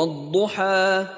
والضحى